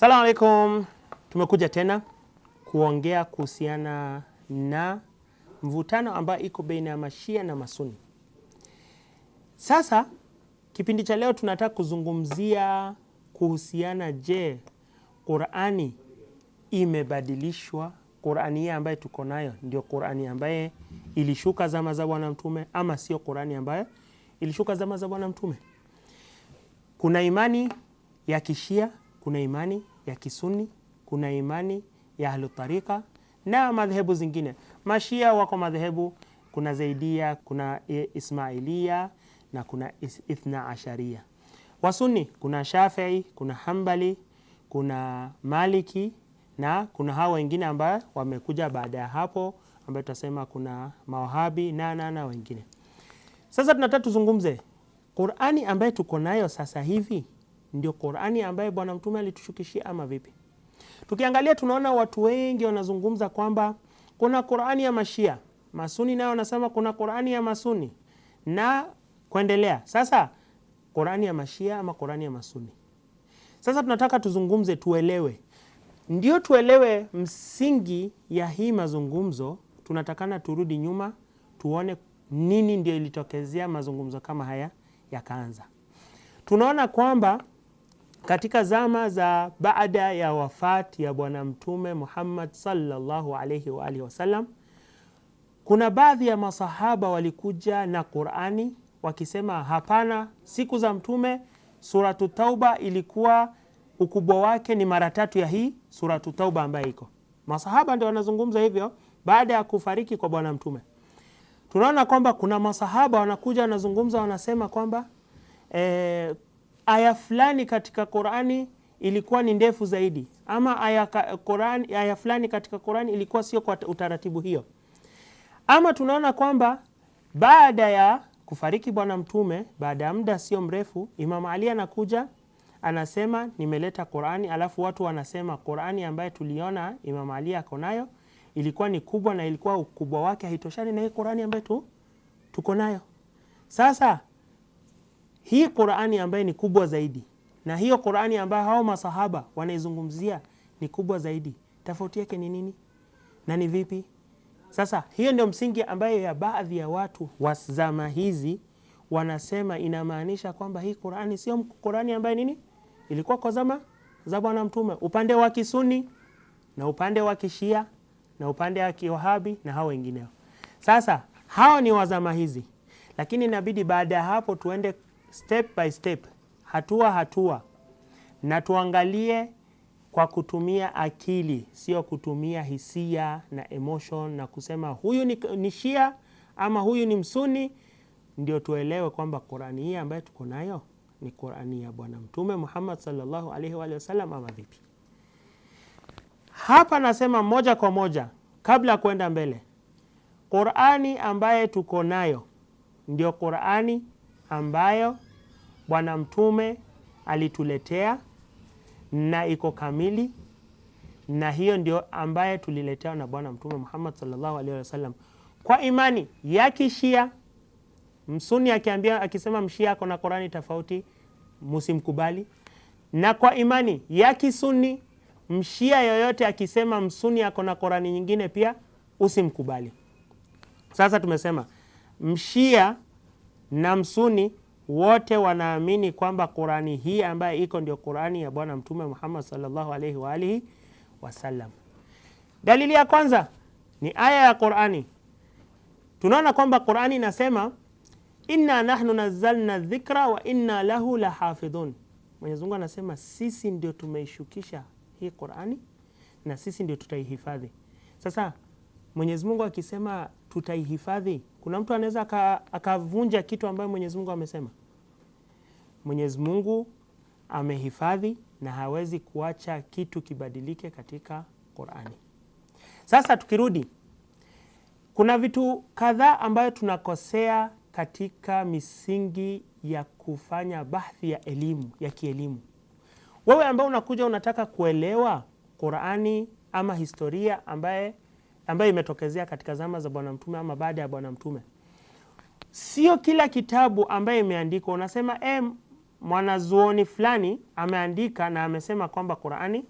Salamu alaikum, tumekuja tena kuongea kuhusiana na mvutano ambayo iko baina ya mashia na masuni. Sasa kipindi cha leo tunataka kuzungumzia kuhusiana, je, Qurani imebadilishwa? Qurani hii ambaye tuko nayo ndio Qurani ambaye ilishuka zama za Bwana Mtume ama sio Qurani ambayo ilishuka zama za Bwana Mtume? Kuna imani ya kishia kuna imani ya Kisuni, kuna imani ya Ahlutarika na madhehebu zingine. Mashia wako madhehebu, kuna Zaidia, kuna Ismailia na kuna Ithna Asharia. Wasuni kuna Shafii, kuna Hambali, kuna Maliki na kuna hawa wengine ambayo wamekuja baada ya hapo, ambayo tutasema kuna Mawahabi na na na wengine. Sasa tunataka tuzungumze Qurani ambayo tuko nayo sasa hivi ndio Qur'ani ambaye Bwana Mtume alitushukishia ama vipi? Tukiangalia tunaona watu wengi wanazungumza kwamba kuna Qur'ani ya Mashia, Masuni nayo wanasema kuna Qur'ani ya Masuni na kuendelea. Sasa Qur'ani ya Mashia ama Qur'ani ya Masuni? Sasa tunataka tuzungumze, tuelewe, ndio tuelewe msingi ya hii mazungumzo. Tunatakana turudi nyuma tuone nini ndio ilitokezea mazungumzo kama haya yakaanza. Tunaona kwamba katika zama za baada ya wafat ya Bwana Mtume Muhammad sallallahu alaihi wa alihi wasallam, kuna baadhi ya masahaba walikuja na Qurani wakisema hapana, siku za Mtume Suratu Tauba ilikuwa ukubwa wake ni mara tatu ya hii Suratu Tauba ambayo iko. Masahaba ndio wanazungumza hivyo baada ya kufariki kwa Bwana Mtume. Tunaona kwamba kuna masahaba wanakuja wanazungumza, wanasema kwamba eh, aya fulani katika Qurani ilikuwa ni ndefu zaidi, ama aya, Qurani, aya fulani katika Qurani ilikuwa sio kwa utaratibu hiyo, ama tunaona kwamba baada ya kufariki Bwana Mtume, baada ya muda sio mrefu, Imam Ali anakuja anasema nimeleta Qurani, alafu watu wanasema Qurani ambaye tuliona Imam Ali ako nayo ilikuwa ni kubwa na ilikuwa ukubwa wake haitoshani na hii Qurani ambayo tu tuko nayo sasa hii Qurani ambayo ni kubwa zaidi na hiyo Qurani ambayo hao masahaba wanaizungumzia ni kubwa zaidi, tofauti yake ni nini na ni vipi? Sasa hiyo ndio msingi ambayo ya baadhi ya watu wa zama hizi wanasema inamaanisha kwamba hii Qurani sio Qurani ambayo nini ilikuwa kwa zama za Bwana Mtume, upande wa Kisuni na upande wa Kishia na upande wa Kiwahabi na hao wengineo. Sasa hao ni wazama hizi, lakini inabidi baada ya hapo tuende step by step, hatua hatua, na tuangalie kwa kutumia akili, sio kutumia hisia na emotion na kusema huyu ni, ni Shia ama huyu ni Msuni, ndio tuelewe kwamba Qurani hii ambayo tuko nayo ni Qurani ya Bwana Mtume Muhammad sallallahu alaihi wa sallam ama vipi? Hapa nasema moja kwa moja kabla ya kwenda mbele, Qurani ambaye tuko nayo ndio Qurani ambayo Bwana Mtume alituletea na iko kamili, na hiyo ndio ambayo tuliletewa na Bwana Mtume Muhammad sallallahu alaihi wasallam kwa imani ya Kishia. Msuni akiambia akisema mshia ako na Qurani tofauti, musimkubali. Na kwa imani ya Kisuni, mshia yoyote akisema msuni ako na Qurani nyingine, pia usimkubali. Sasa tumesema mshia na msuni wote wanaamini kwamba Qurani hii ambayo iko ndio Qurani ya Bwana Mtume Muhammad sallallahu alaihi wa alihi wasallam. Dalili ya kwanza ni aya ya Qurani. Tunaona kwamba Qurani inasema inna nahnu nazzalna dhikra wa inna lahu lahafidhun. Mwenyezi Mungu anasema sisi ndio tumeishukisha hii Qurani na sisi ndio tutaihifadhi. Sasa Mwenyezi Mungu akisema tutaihifadhi kuna mtu anaweza akavunja kitu ambayo Mwenyezi Mungu amesema. Mwenyezi Mungu amehifadhi na hawezi kuacha kitu kibadilike katika Qur'ani. Sasa tukirudi, kuna vitu kadhaa ambayo tunakosea katika misingi ya kufanya bahthi ya elimu ya kielimu. Wewe ambao unakuja unataka kuelewa Qur'ani ama historia ambaye ambayo imetokezea katika zama za Bwana Mtume ama baada ya Bwana Mtume. Sio kila kitabu ambayo imeandikwa unasema e, mwanazuoni fulani ameandika na amesema kwamba Qurani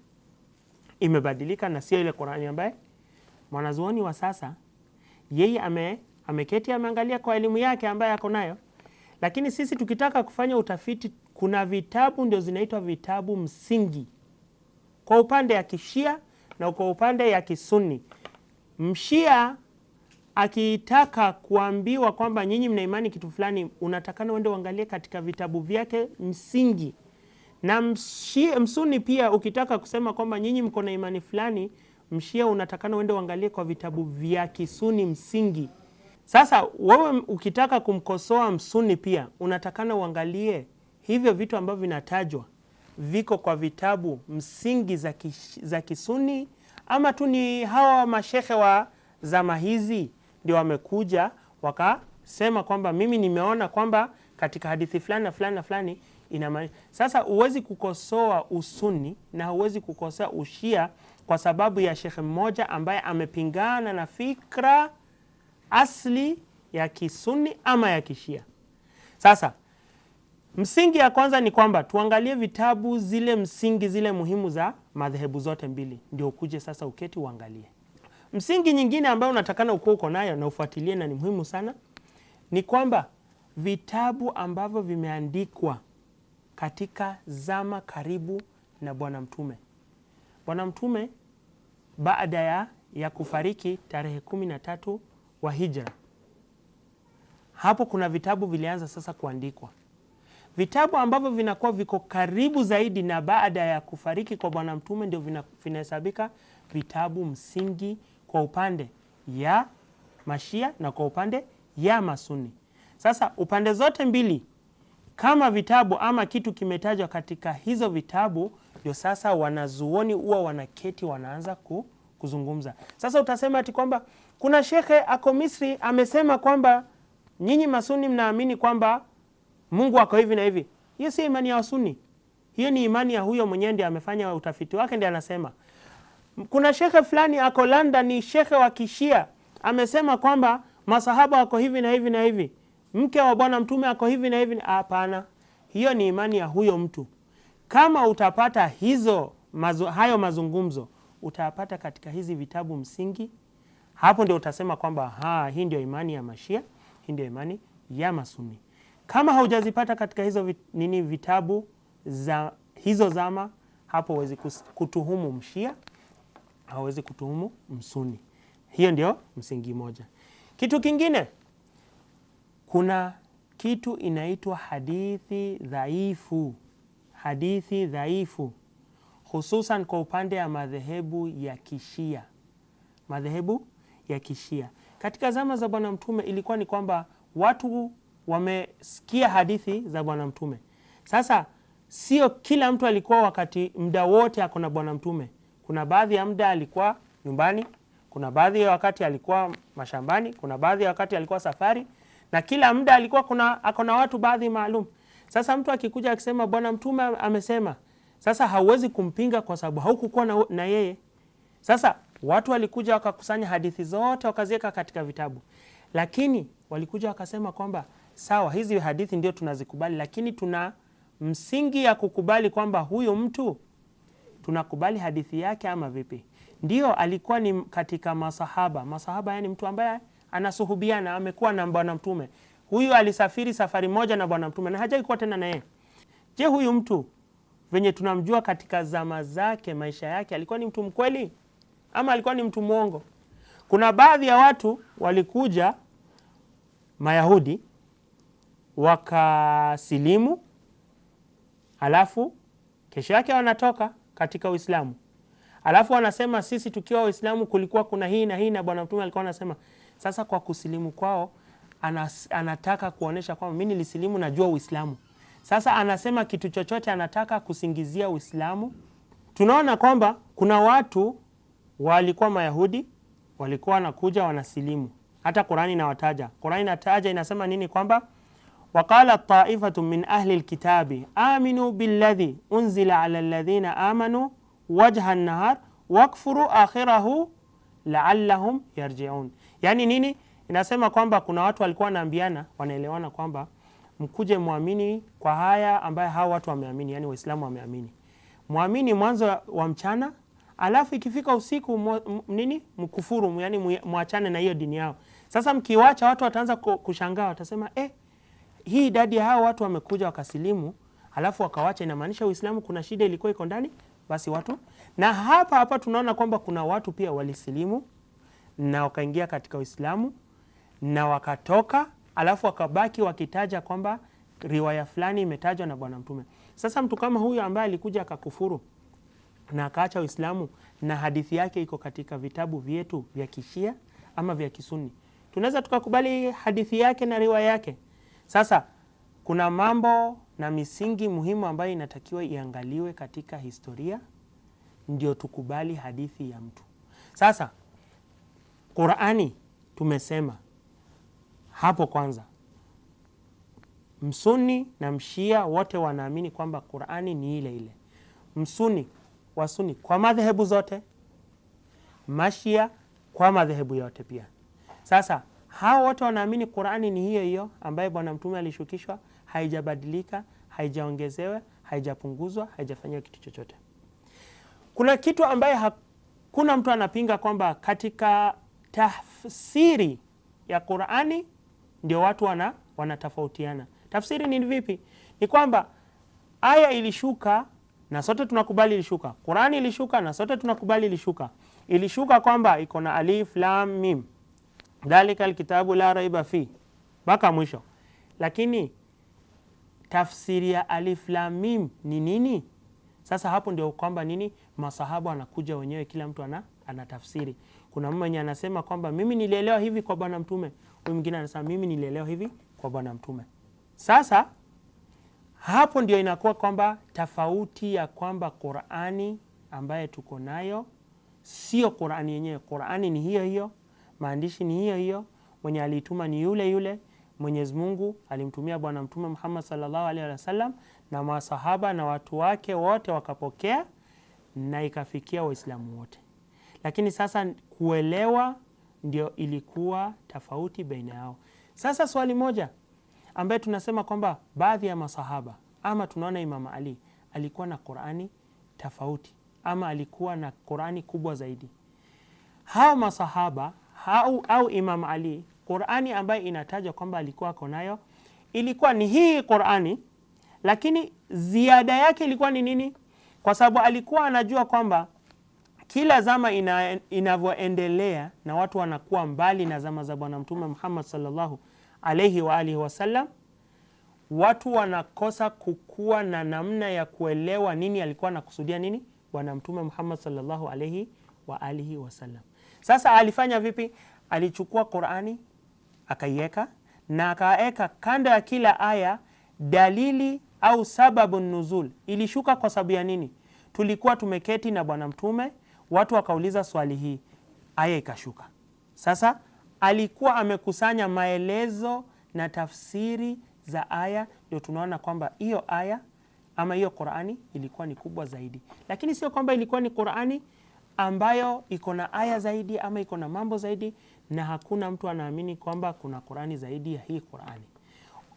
imebadilika na sio ile Qurani ambaye mwanazuoni wa sasa yeye ame, ameketi ameangalia kwa elimu yake ambayo ako nayo. Lakini sisi tukitaka kufanya utafiti, kuna vitabu ndio zinaitwa vitabu msingi kwa upande ya Kishia na kwa upande ya Kisuni. Mshia akitaka kuambiwa kwamba nyinyi mna imani kitu fulani, unatakana uende uangalie katika vitabu vyake msingi. Na mshia, msuni pia ukitaka kusema kwamba nyinyi mko na imani fulani, mshia unatakana uende uangalie kwa vitabu vya kisuni msingi. Sasa wewe ukitaka kumkosoa msuni pia unatakana uangalie hivyo vitu ambavyo vinatajwa viko kwa vitabu msingi za kisuni ama tu ni hawa mashehe wa zama hizi ndio wamekuja wakasema kwamba mimi nimeona kwamba katika hadithi fulani na fulani na fulani ina sasa. Huwezi kukosoa usuni na huwezi kukosoa ushia kwa sababu ya shekhe mmoja ambaye amepingana na fikra asli ya kisuni ama ya kishia. Sasa Msingi ya kwanza ni kwamba tuangalie vitabu zile msingi zile muhimu za madhehebu zote mbili, ndio ukuje sasa uketi uangalie. Msingi nyingine ambayo unatakana ukuwa uko nayo na ufuatilie na ni muhimu sana ni kwamba vitabu ambavyo vimeandikwa katika zama karibu na Bwana Mtume. Bwana Mtume baada ya, ya kufariki tarehe kumi na tatu wa Hijra, hapo kuna vitabu vilianza sasa kuandikwa Vitabu ambavyo vinakuwa viko karibu zaidi na baada ya kufariki kwa Bwana Mtume ndio vinahesabika vitabu msingi kwa upande ya Mashia na kwa upande ya Masuni. Sasa upande zote mbili kama vitabu ama kitu kimetajwa katika hizo vitabu, ndio sasa wanazuoni huwa wanaketi wanaanza ku, kuzungumza. Sasa utasema ati kwamba kuna shekhe ako Misri amesema kwamba nyinyi Masuni mnaamini kwamba Mungu ako hivi na hivi. Hiyo si imani ya Wasuni, hiyo ni imani ya huyo mwenyewe, ndi amefanya utafiti wake, ndi anasema kuna shekhe fulani ako landa ni shekhe wa Kishia, amesema kwamba masahaba wako hivi na hivi na hivi, mke wa Bwana Mtume ako hivi na hivi. Hapana, hiyo ni imani ya huyo mtu. Kama utapata hizo mazu, hayo mazungumzo utayapata katika hizi vitabu msingi, hapo ndio utasema kwamba hii ndio imani ya Mashia, hii ndio imani ya Masuni. Kama haujazipata katika hizo vit, nini vitabu za hizo zama, hapo huwezi kutuhumu mshia, hauwezi kutuhumu msuni. Hiyo ndio msingi moja. Kitu kingine, kuna kitu inaitwa hadithi dhaifu. Hadithi dhaifu hususan kwa upande ya madhehebu ya Kishia, madhehebu ya Kishia katika zama za Bwana Mtume ilikuwa ni kwamba watu wamesikia hadithi za Bwana Mtume. Sasa sio kila mtu alikuwa wakati mda wote ako na Bwana Mtume. Kuna baadhi ya mda alikuwa nyumbani, kuna baadhi ya wakati alikuwa mashambani, kuna baadhi ya wakati alikuwa safari, na kila mda alikuwa kuna ako na watu baadhi maalum. Sasa mtu akikuja akisema Bwana Mtume amesema, sasa hauwezi kumpinga kwa sababu haukukuwa na, na yeye. Sasa watu walikuja wakakusanya hadithi zote wakaziweka katika vitabu, lakini walikuja wakasema kwamba sawa, hizi hadithi ndio tunazikubali, lakini tuna msingi ya kukubali kwamba huyu mtu tunakubali hadithi yake ama vipi? Ndio alikuwa ni katika masahaba. Masahaba yani mtu ambaye anasuhubiana, amekuwa na bwana mtume. Huyu alisafiri safari moja na bwana mtume na hajai kuwa tena naye. Je, huyu mtu venye tunamjua katika zama zake, maisha yake, alikuwa ni mtu mkweli ama alikuwa ni mtu mwongo? Kuna baadhi ya watu walikuja Mayahudi wakasilimu, alafu kesho yake wanatoka katika Uislamu, alafu wanasema sisi tukiwa Waislamu kulikuwa kuna hii na hii, na Bwana Mtume alikuwa anasema. Sasa kwa kusilimu kwao anas, anataka kuonyesha kwamba mi nilisilimu, najua Uislamu. Sasa anasema kitu chochote anataka kusingizia Uislamu. Tunaona kwamba kuna watu walikuwa Mayahudi walikuwa wanakuja wanasilimu, hata Qurani inawataja. Qurani inataja inasema nini? kwamba Waqala taifatu min ahli lkitabi aminu biladhi unzila ala ladhina amanu wajha nahar wakfuru akhirahu laalahum yarjiun. Yani nini inasema? Kwamba kuna watu walikuwa wanaambiana, wanaelewana kwamba mkuje mwamini kwa haya ambaye hawa watu wameamini, yani Waislamu wameamini, mwamini mwanzo wa mchana, alafu ikifika usiku mu, nini mkufuru, yani mwachane na hiyo dini yao. Sasa mkiwacha watu wataanza kushangaa, watasema eh, hii idadi ya hao watu wamekuja wakasilimu alafu wakawacha, inamaanisha Uislamu kuna shida ilikuwa iko ndani, basi watu. Na hapa hapa tunaona kwamba kuna watu pia walisilimu na wakaingia katika Uislamu na wakatoka, alafu wakabaki wakitaja kwamba riwaya fulani imetajwa na Bwana Mtume. Sasa mtu kama huyu ambaye alikuja akakufuru na akaacha Uislamu na hadithi yake iko katika vitabu vyetu vya Kishia ama vya Kisuni, tunaweza tukakubali hadithi yake na riwaya yake? Sasa kuna mambo na misingi muhimu ambayo inatakiwa iangaliwe katika historia ndio tukubali hadithi ya mtu. Sasa Qurani tumesema hapo kwanza, msuni na mshia wote wanaamini kwamba Qurani ni ile ile. Msuni wasuni kwa madhehebu zote, mashia kwa madhehebu yote pia. Sasa hao watu wanaamini Qurani ni hiyo hiyo ambayo Bwana Mtume alishukishwa, haijabadilika, haijaongezewa, haijapunguzwa, haijafanyiwa kitu chochote. Kuna kitu ambaye hakuna mtu anapinga kwamba katika tafsiri ya Qurani ndio watu wana wanatofautiana. Tafsiri ni vipi? Ni kwamba aya ilishuka na sote tunakubali ilishuka, Qurani ilishuka na sote tunakubali ilishuka, ilishuka kwamba iko na alif lam mim dhalika alkitabu la raiba fi mpaka mwisho. Lakini tafsiri ya alif mim ni nini? Sasa hapo ndio kwamba nini, masahabu anakuja wenyewe, kila mtu ana, ana tafsiri. Kuna mwenye anasema kwamba mimi nilielewa hivi kwa bwana mtume, huyu mwingine anasema mimi nilielewa hivi kwa bwana mtume. Sasa hapo ndio inakuwa kwamba tofauti ya kwamba Qurani ambaye tuko nayo sio Qurani yenyewe. Qurani ni hiyo hiyo maandishi ni hiyo hiyo, mwenye alituma ni yule yule. Mwenyezi Mungu alimtumia Bwana Mtume Muhammad sallallahu alaihi wasallam na masahaba na watu wake wote wakapokea na ikafikia Waislamu wote. Lakini sasa kuelewa ndio ilikuwa tofauti baina yao. Sasa swali moja ambaye tunasema kwamba baadhi ya masahaba ama tunaona Imam Ali alikuwa na Qurani tofauti ama alikuwa na Qurani kubwa zaidi. Hawa masahaba au, au Imam Ali, Qurani ambayo inatajwa kwamba alikuwa ako nayo ilikuwa ni hii Qurani, lakini ziada yake ilikuwa ni nini? Kwa sababu alikuwa anajua kwamba kila zama ina, inavyoendelea na watu wanakuwa mbali na zama za Bwana Mtume Muhammad sallallahu alaihi wa alihi wasallam, watu wanakosa kukuwa na namna ya kuelewa nini alikuwa anakusudia nini Bwana Mtume Muhammad sallallahu alaihi wa alihi wasallam. Sasa alifanya vipi? Alichukua Qurani akaiweka na akaweka kando ya kila aya dalili au sababu nuzul. Ilishuka kwa sababu ya nini? Tulikuwa tumeketi na Bwana Mtume, watu wakauliza swali hii, aya ikashuka. Sasa alikuwa amekusanya maelezo na tafsiri za aya, ndio tunaona kwamba hiyo aya ama hiyo Qurani ilikuwa ni kubwa zaidi, lakini sio kwamba ilikuwa ni Qurani ambayo iko na aya zaidi ama iko na mambo zaidi, na hakuna mtu anaamini kwamba kuna Qurani zaidi ya hii Qurani.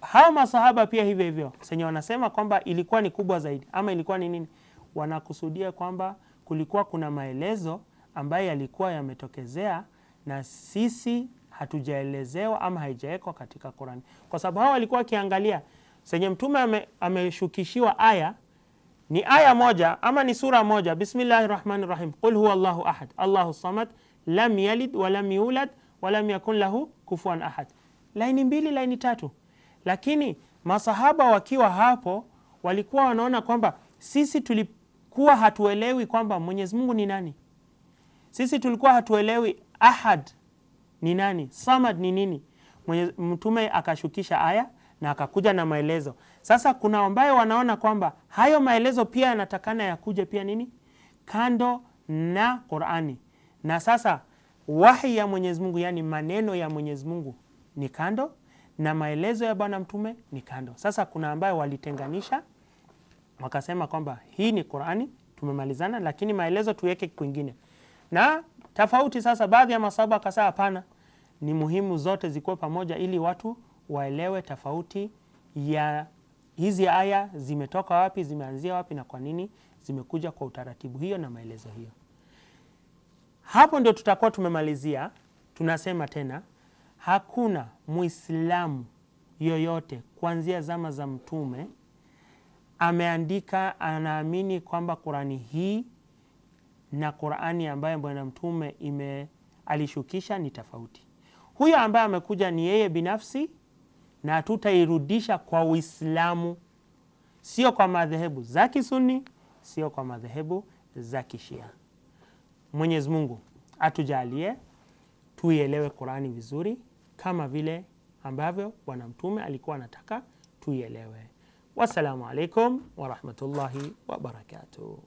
Hawa masahaba pia hivyo hivyo senye wanasema kwamba ilikuwa ni kubwa zaidi ama ilikuwa ni nini, wanakusudia kwamba kulikuwa kuna maelezo ambayo yalikuwa yametokezea na sisi hatujaelezewa ama haijawekwa katika Qurani, kwa sababu hawa walikuwa wakiangalia senye mtume ameshukishiwa aya ni aya moja ama ni sura moja. Bismillahi rahmani rahim, qul huwa llahu ahad allahu samad lam yalid walam yulad walam yakun lahu kufuan ahad. Laini mbili, laini tatu, lakini masahaba wakiwa hapo walikuwa wanaona kwamba sisi tulikuwa hatuelewi kwamba Mwenyezi Mungu ni nani. Sisi tulikuwa hatuelewi ahad ni nani, samad ni nini. Mtume akashukisha aya na akakuja na maelezo. Sasa kuna ambayo wanaona kwamba hayo maelezo pia yanatakana yakuje pia nini kando na Qurani, na sasa wahi ya Mwenyezi Mungu, yani maneno ya Mwenyezi Mungu ni kando na maelezo ya Bwana Mtume ni kando. Sasa kuna ambayo walitenganisha wakasema kwamba hii ni Qurani tumemalizana, lakini maelezo tuweke kwingine na tofauti. Sasa baadhi ya masaba akasema hapana, ni muhimu zote zikuwe pamoja ili watu waelewe tofauti ya hizi aya zimetoka wapi, zimeanzia wapi na kwa nini zimekuja kwa utaratibu hiyo na maelezo hiyo. Hapo ndio tutakuwa tumemalizia. Tunasema tena, hakuna Muislamu yoyote kuanzia zama za Mtume ameandika anaamini kwamba Qurani hii na Qurani ambayo Bwana Mtume ime alishukisha ni tofauti. Huyo ambaye amekuja ni yeye binafsi na tutairudisha kwa Uislamu, sio kwa madhehebu za Kisuni, sio kwa madhehebu za Kishia. Mwenyezi Mungu atujalie tuielewe Qurani vizuri kama vile ambavyo Bwana Mtume alikuwa anataka tuielewe. Wassalamu alaikum warahmatullahi wabarakatuh.